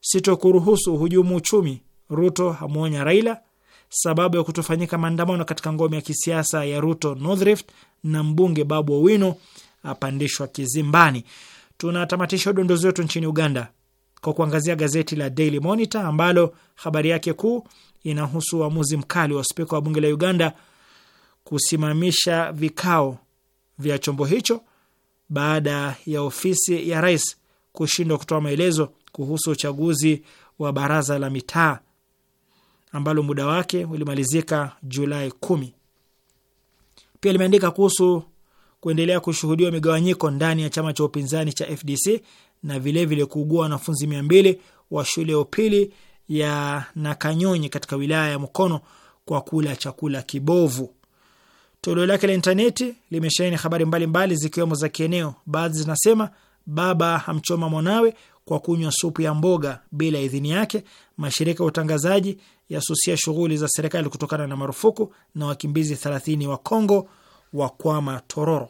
Speaker 2: Sitokuruhusu uhujumu uchumi, Ruto hamwonya Raila. Sababu ya kutofanyika maandamano katika ngome ya kisiasa ya Ruto Northrift. na mbunge Babu Owino apandishwa kizimbani. Tunatamatisha udondozi wetu nchini Uganda kwa kuangazia gazeti la Daily Monitor ambalo habari yake kuu inahusu uamuzi mkali wa spika wa bunge la Uganda kusimamisha vikao vya chombo hicho baada ya ofisi ya rais kushindwa kutoa maelezo kuhusu uchaguzi wa baraza la mitaa ambalo muda wake ulimalizika Julai kumi. Pia limeandika kuhusu kuendelea kushuhudiwa migawanyiko ndani ya chama cha upinzani cha FDC na vilevile kuugua wanafunzi mia mbili wa shule ya upili ya Nakanyonyi katika wilaya ya Mkono kwa kula chakula kibovu. Toleo lake la intaneti limesheheni habari mbalimbali zikiwemo za kieneo. Baadhi zinasema baba hamchoma mwanawe kwa kunywa supu ya mboga bila idhini yake, mashirika ya utangazaji yasusia shughuli za serikali kutokana na marufuku, na wakimbizi thelathini wa Kongo wakwama Tororo.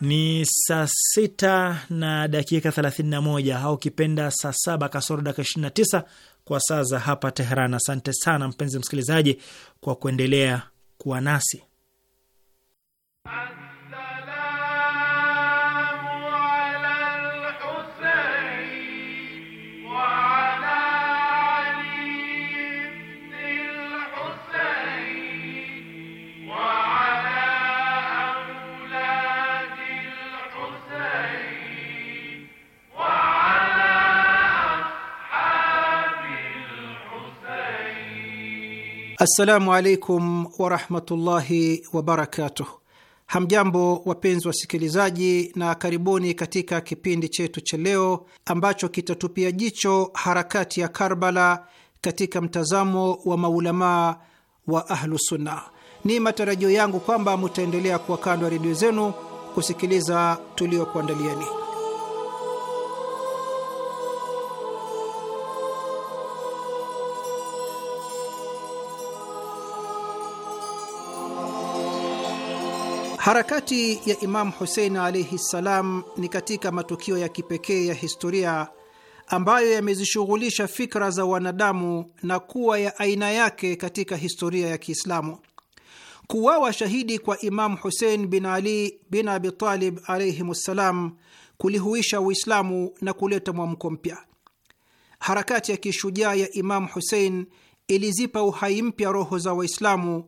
Speaker 1: Ni saa
Speaker 2: sita na dakika 31 au kipenda saa saba kasoro dakika 29 kwa saa za hapa Teheran. Asante sana mpenzi msikilizaji kwa kuendelea kuwa nasi.
Speaker 3: Assalamu alaikum warahmatullahi wabarakatuh. Hamjambo wapenzi wasikilizaji, na karibuni katika kipindi chetu cha leo ambacho kitatupia jicho harakati ya Karbala katika mtazamo wa maulamaa wa Ahlusunna. Ni matarajio yangu kwamba mutaendelea kuwa kando ya redio zenu kusikiliza tuliokuandalieni. Harakati ya Imamu Husein alaihi ssalam ni katika matukio ya kipekee ya historia ambayo yamezishughulisha fikra za wanadamu na kuwa ya aina yake katika historia ya Kiislamu. Kuwawa shahidi kwa Imamu Husein bin Ali bin Abitalib alaihim ssalam kulihuisha Uislamu na kuleta mwamko mpya. Harakati ya kishujaa ya Imamu Husein ilizipa uhai mpya roho za Waislamu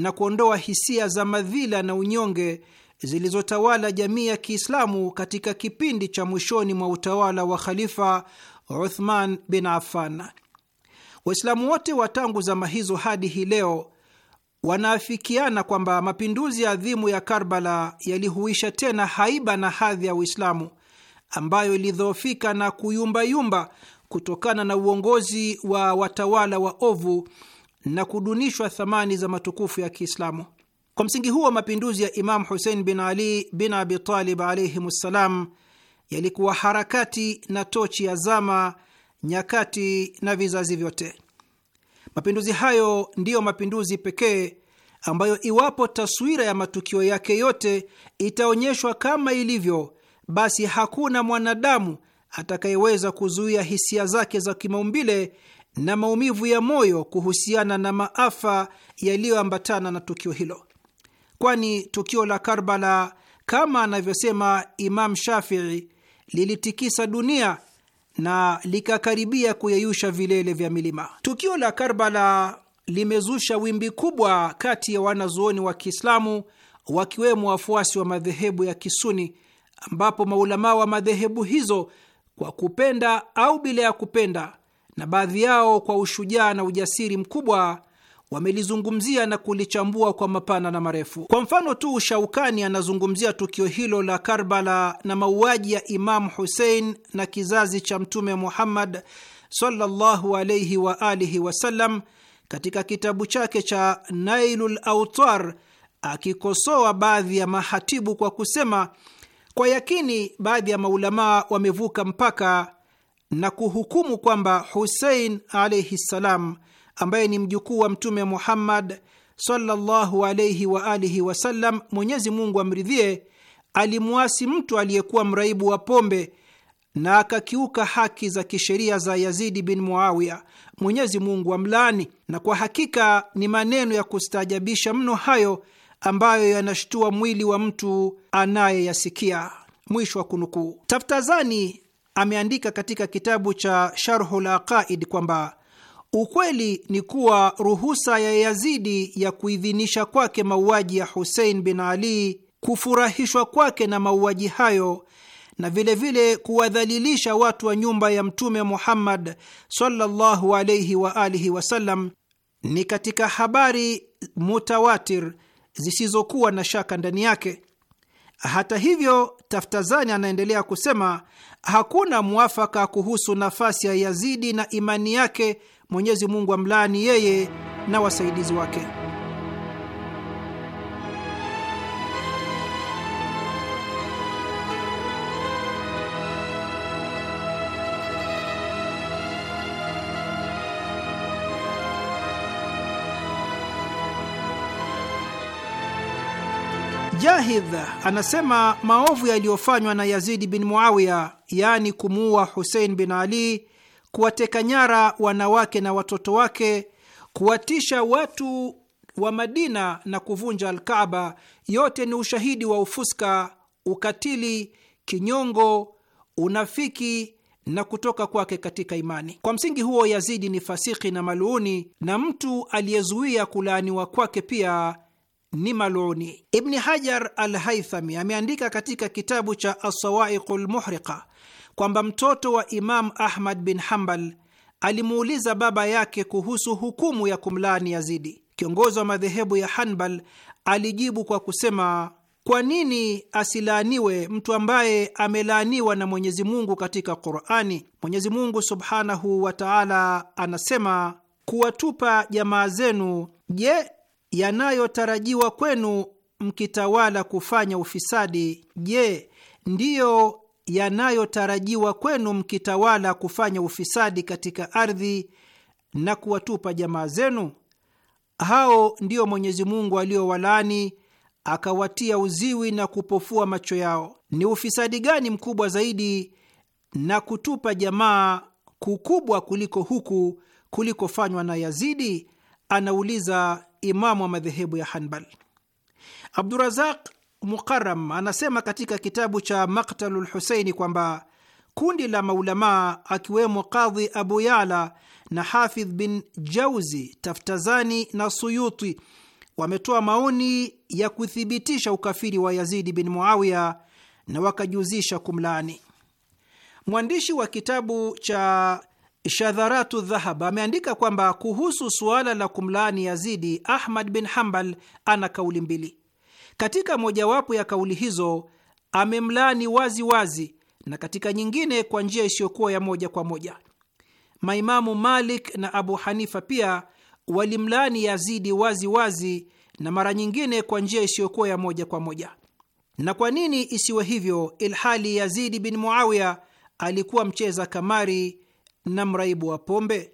Speaker 3: na kuondoa hisia za madhila na unyonge zilizotawala jamii ya Kiislamu katika kipindi cha mwishoni mwa utawala wa Khalifa Uthman bin Affan. Waislamu wote wa tangu zama hizo hadi hii leo wanaafikiana kwamba mapinduzi ya adhimu ya Karbala yalihuisha tena haiba na hadhi ya Uislamu ambayo ilidhoofika na kuyumbayumba kutokana na uongozi wa watawala wa ovu na kudunishwa thamani za matukufu ya Kiislamu. Kwa msingi huo, mapinduzi ya Imam Husein bin Ali bin Abi Talib alaihim ssalam yalikuwa harakati na tochi ya zama, nyakati na vizazi vyote. Mapinduzi hayo ndiyo mapinduzi pekee ambayo iwapo taswira ya matukio yake yote itaonyeshwa kama ilivyo, basi hakuna mwanadamu atakayeweza kuzuia hisia zake za kimaumbile na maumivu ya moyo kuhusiana na maafa yaliyoambatana na tukio hilo, kwani tukio la Karbala kama anavyosema Imam Shafii lilitikisa dunia na likakaribia kuyeyusha vilele vya milima. Tukio la Karbala limezusha wimbi kubwa kati ya wanazuoni wa Kiislamu wakiwemo wafuasi wa madhehebu ya Kisuni, ambapo maulamaa wa madhehebu hizo kwa kupenda au bila ya kupenda na baadhi yao kwa ushujaa na ujasiri mkubwa wamelizungumzia na kulichambua kwa mapana na marefu. Kwa mfano tu, Shaukani anazungumzia tukio hilo la Karbala na mauaji ya Imamu Husein na kizazi cha Mtume Muhammad sallallahu alaihi wa alihi wasallam katika kitabu chake cha Nailul Autar, akikosoa baadhi ya mahatibu kwa kusema, kwa yakini baadhi ya maulamaa wamevuka mpaka na kuhukumu kwamba Husein alaihi ssalam, ambaye ni mjukuu wa Mtume Muhammad sallallahu alaihi wa alihi wasallam, Mwenyezi Mungu amridhie, alimwasi mtu aliyekuwa mraibu wa pombe na akakiuka haki za kisheria za Yazidi bin Muawiya, Mwenyezi Mungu mlani Na kwa hakika ni maneno ya kustaajabisha mno hayo ambayo yanashtua mwili wa mtu anayeyasikia. Mwisho wa kunukuu. Taftazani ameandika katika kitabu cha Sharhul Aqaid kwamba ukweli ni kuwa ruhusa ya Yazidi ya kuidhinisha kwake mauaji ya Husein bin Ali, kufurahishwa kwake na mauaji hayo na vilevile kuwadhalilisha watu wa nyumba ya Mtume Muhammad sallallahu alaihi wa alihi wasallam ni katika habari mutawatir zisizokuwa na shaka ndani yake. Hata hivyo, Taftazani anaendelea kusema hakuna mwafaka kuhusu nafasi ya Yazidi na imani yake. Mwenyezi Mungu amlaani yeye na wasaidizi wake. Mujahid anasema maovu yaliyofanywa na Yazidi bin Muawiya, yaani kumuua Husein bin Ali, kuwateka nyara wanawake na watoto wake, kuwatisha watu wa Madina na kuvunja alkaba yote ni ushahidi wa ufuska, ukatili, kinyongo, unafiki na kutoka kwake katika imani. Kwa msingi huo, Yazidi ni fasiki na maluuni, na mtu aliyezuia kulaaniwa kwake pia ni maluni. Ibni Hajar al Haithami ameandika katika kitabu cha Assawaiqu lmuhriqa kwamba mtoto wa Imam Ahmad bin Hambal alimuuliza baba yake kuhusu hukumu ya kumlaani Yazidi. Kiongozi wa madhehebu ya Hanbal alijibu kwa kusema, kwa nini asilaaniwe mtu ambaye amelaaniwa na Mwenyezi Mungu katika Qurani? Mwenyezi Mungu subhanahu wa taala anasema, kuwatupa jamaa zenu, je, yanayotarajiwa kwenu mkitawala kufanya ufisadi? Je, ndiyo yanayotarajiwa kwenu mkitawala kufanya ufisadi katika ardhi na kuwatupa jamaa zenu? Hao ndiyo Mwenyezi Mungu aliowalaani akawatia uziwi na kupofua macho yao. Ni ufisadi gani mkubwa zaidi na kutupa jamaa kukubwa kuliko huku kulikofanywa na Yazidi? Anauliza imamu wa madhehebu ya Hanbal. Abdurazaq Muqaram anasema katika kitabu cha Maktalu lhuseini kwamba kundi la maulamaa akiwemo Qadhi Abu Yala na Hafidh bin Jauzi, Taftazani na Suyuti wametoa maoni ya kuthibitisha ukafiri wa Yazidi bin Muawiya na wakajuzisha kumlaani. Mwandishi wa kitabu cha Shadharatu Dhahab ameandika kwamba kuhusu suala la kumlaani Yazidi, Ahmad bin Hambal ana kauli mbili. Katika mojawapo ya kauli hizo amemlaani wazi wazi, na katika nyingine kwa njia isiyokuwa ya moja kwa moja. Maimamu Malik na Abu Hanifa pia walimlaani Yazidi wazi wazi na mara nyingine kwa njia isiyokuwa ya moja kwa moja. Na kwa nini isiwe hivyo, ilhali Yazidi bin Muawiya alikuwa mcheza kamari na mraibu wa pombe?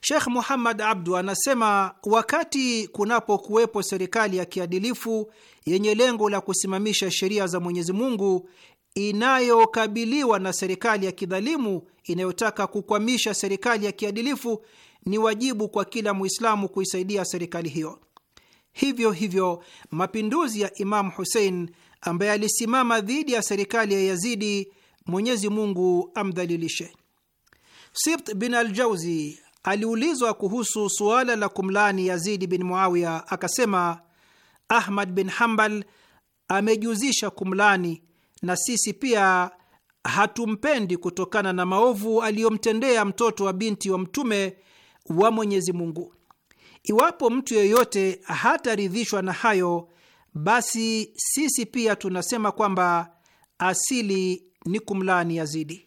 Speaker 3: Sheikh Muhammad Abdu anasema wakati kunapokuwepo serikali ya kiadilifu yenye lengo la kusimamisha sheria za Mwenyezi Mungu inayokabiliwa na serikali ya kidhalimu inayotaka kukwamisha serikali ya kiadilifu, ni wajibu kwa kila Muislamu kuisaidia serikali hiyo. Hivyo hivyo mapinduzi ya Imamu Husein ambaye alisimama dhidi ya serikali ya Yazidi, Mwenyezi Mungu amdhalilishe. Sibt bin al jauzi aliulizwa kuhusu suala la kumlani Yazidi bin Muawiya, akasema Ahmad bin Hambal amejuzisha kumlani, na sisi pia hatumpendi kutokana na maovu aliyomtendea mtoto wa binti wa Mtume wa Mwenyezi Mungu. Iwapo mtu yeyote hataridhishwa na hayo, basi sisi pia tunasema kwamba asili ni kumlani Yazidi.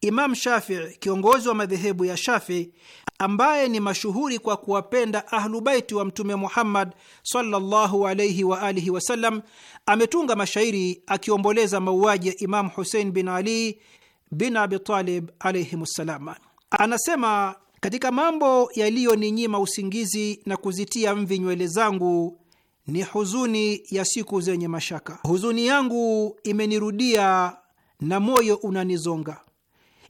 Speaker 3: Imam Shafii, kiongozi wa madhehebu ya Shafii ambaye ni mashuhuri kwa kuwapenda Ahlubaiti wa Mtume Muhammad sallallahu alaihi wa alihi wasallam, ametunga mashairi akiomboleza mauaji ya Imamu Husein bin Ali bin Abitalib alaihim ssalam. Anasema, katika mambo yaliyoninyima usingizi na kuzitia mvi nywele zangu ni huzuni ya siku zenye mashaka. Huzuni yangu imenirudia na moyo unanizonga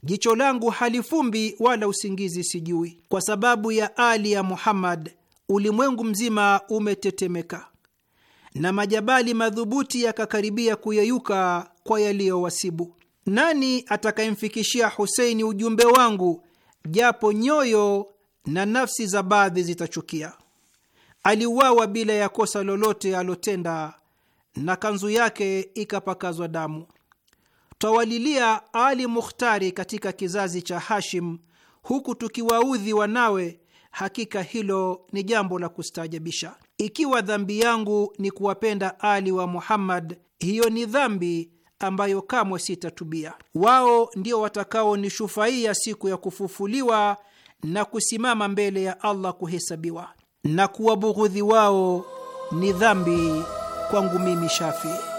Speaker 3: jicho langu halifumbi wala usingizi sijui. Kwa sababu ya Ali ya Muhammad ulimwengu mzima umetetemeka na majabali madhubuti yakakaribia kuyeyuka kwa yaliyowasibu. Nani atakayemfikishia Huseini ujumbe wangu, japo nyoyo na nafsi za baadhi zitachukia? Aliuawa bila ya kosa lolote alotenda, na kanzu yake ikapakazwa damu twawalilia Ali Mukhtari katika kizazi cha Hashim huku tukiwaudhi wanawe. Hakika hilo ni jambo la kustaajabisha. Ikiwa dhambi yangu ni kuwapenda Ali wa Muhammad, hiyo ni dhambi ambayo kamwe sitatubia. Wao ndio watakaonishufaia siku ya kufufuliwa na kusimama mbele ya Allah kuhesabiwa, na kuwabughudhi wao ni dhambi kwangu mimi Shafii.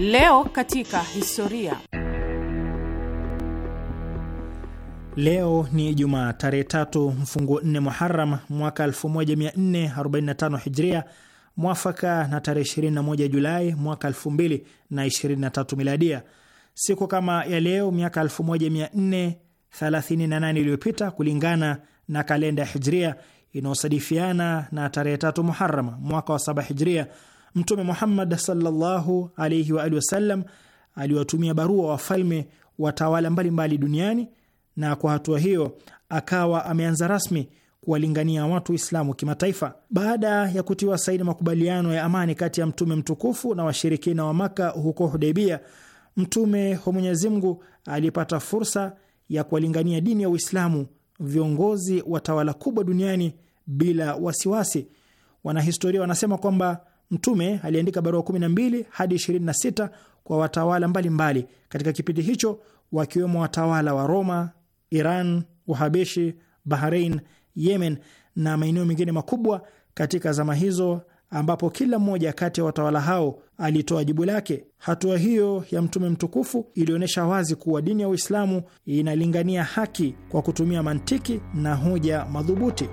Speaker 1: Leo katika historia.
Speaker 2: Leo ni Jumaa tarehe tatu mfungo 4 Muharam mwaka 1445 Hijria, mwafaka na tarehe 21 Julai mwaka 2023 Miladia. Siku kama ya leo miaka 1438 iliyopita kulingana na kalenda ya Hijria inayosadifiana na tarehe tatu Muharam mwaka wa saba Hijria Mtume Muhammad sallallahu alaihi wa alihi wasallam aliwatumia barua wafalme watawala mbalimbali mbalimbali duniani, na kwa hatua hiyo akawa ameanza rasmi kuwalingania watu Waislamu kimataifa. Baada ya kutiwa saini makubaliano ya amani kati ya mtume mtukufu na washirikina wa Maka huko Hudaibia, mtume wa Mwenyezi Mungu alipata fursa ya kuwalingania dini ya Uislamu viongozi wa tawala kubwa duniani bila wasiwasi. Wanahistoria wanasema kwamba Mtume aliandika barua 12 hadi 26 kwa watawala mbalimbali mbali katika kipindi hicho, wakiwemo watawala wa Roma, Iran, Uhabeshi, Bahrain, Yemen na maeneo mengine makubwa katika zama hizo, ambapo kila mmoja kati ya watawala hao alitoa jibu lake. Hatua hiyo ya mtume mtukufu ilionyesha wazi kuwa dini ya Uislamu inalingania haki kwa kutumia mantiki na hoja madhubuti.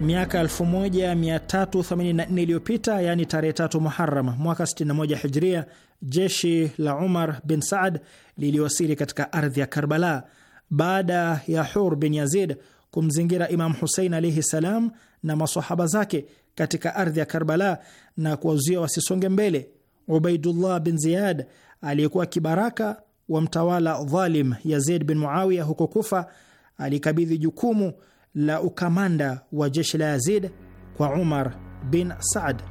Speaker 2: miaka 1384 iliyopita, yaani tarehe tatu muharam mwaka 61 Hijria, jeshi la Umar bin Saad liliwasili katika ardhi ya Karbala baada ya Hur bin Yazid kumzingira Imam Husein alaihi salam na masahaba zake katika ardhi ya Karbala na kuwazuia wasisonge mbele. Ubaidullah bin Ziyad aliyekuwa kibaraka wa mtawala dhalim Yazid bin Muawiya huko Kufa alikabidhi jukumu la ukamanda wa jeshi la Yazid kwa Umar bin Saad.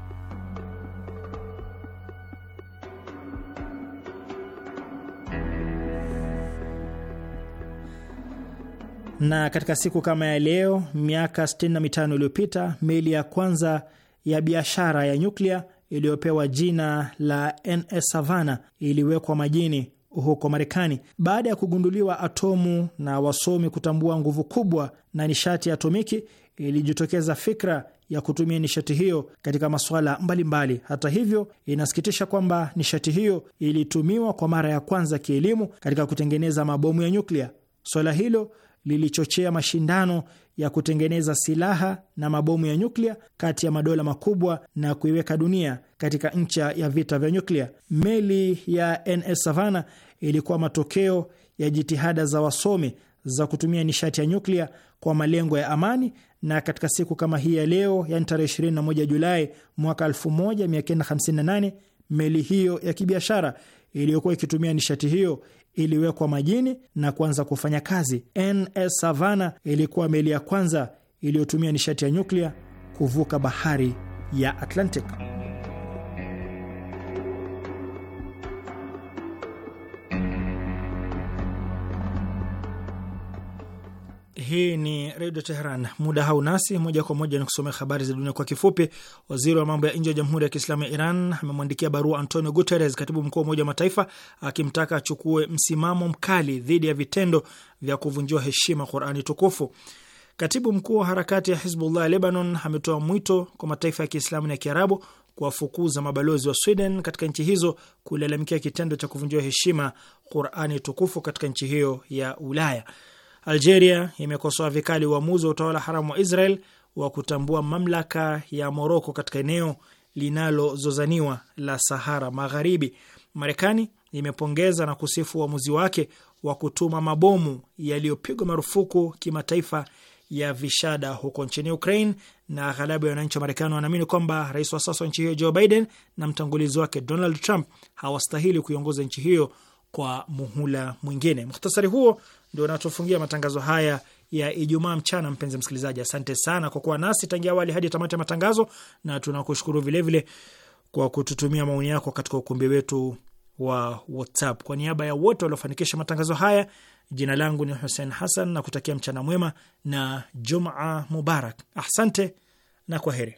Speaker 2: Na katika siku kama ya leo miaka 65 iliyopita meli ya kwanza ya biashara ya nyuklia iliyopewa jina la NS Savannah iliwekwa majini huko Marekani baada ya kugunduliwa atomu na wasomi kutambua nguvu kubwa na nishati ya atomiki ilijitokeza fikra ya kutumia nishati hiyo katika masuala mbalimbali. Hata hivyo, inasikitisha kwamba nishati hiyo ilitumiwa kwa mara ya kwanza kielimu katika kutengeneza mabomu ya nyuklia. Swala hilo lilichochea mashindano ya kutengeneza silaha na mabomu ya nyuklia kati ya madola makubwa na kuiweka dunia katika ncha ya vita vya nyuklia. Meli ya NS Savannah ilikuwa matokeo ya jitihada za wasomi za kutumia nishati ya nyuklia kwa malengo ya amani, na katika siku kama hii ya leo, yani tarehe 21 Julai mwaka 1958 meli hiyo ya kibiashara iliyokuwa ikitumia nishati hiyo iliwekwa majini na kuanza kufanya kazi. NS savana ilikuwa meli ya kwanza iliyotumia nishati ya nyuklia kuvuka bahari ya Atlantic. Hii ni Redio Teheran. Muda hau nasi moja kwa moja ni kusomea habari za dunia kwa kifupi. Waziri wa mambo ya nje ya Jamhuri ya Kiislamu ya Iran amemwandikia barua Antonio Guterres, katibu mkuu wa Umoja wa Mataifa, akimtaka achukue msimamo mkali dhidi ya vitendo vya kuvunjiwa heshima Qurani tukufu. Katibu mkuu wa harakati ya Hizbullah ya Lebanon ametoa mwito kwa mataifa ya Kiislamu na Kiarabu kuwafukuza mabalozi wa Sweden katika nchi hizo kulalamikia kitendo cha kuvunjiwa heshima Qurani tukufu katika nchi hiyo ya Ulaya. Algeria imekosoa vikali uamuzi wa utawala haramu wa Israel wa kutambua mamlaka ya Moroko katika eneo linalozozaniwa la Sahara Magharibi. Marekani imepongeza na kusifu uamuzi wa wake wa kutuma mabomu yaliyopigwa marufuku kimataifa ya vishada huko nchini Ukraine, na ghalabu ya wananchi wa Marekani wanaamini kwamba rais wa sasa wa nchi hiyo Joe Biden na mtangulizi wake Donald Trump hawastahili kuiongoza nchi hiyo kwa muhula mwingine. Muhtasari huo ndio natufungia matangazo haya ya Ijumaa mchana. Mpenzi msikilizaji, asante sana kwa kuwa nasi tangia awali hadi tamati ya matangazo, na tunakushukuru vilevile kwa kututumia maoni yako katika ukumbi wetu wa WhatsApp. Kwa niaba ya wote waliofanikisha matangazo haya, jina langu ni Hussein Hassan na kutakia mchana mwema na Jumaa Mubarak. Asante na kwa heri.